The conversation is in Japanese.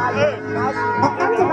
バカつき。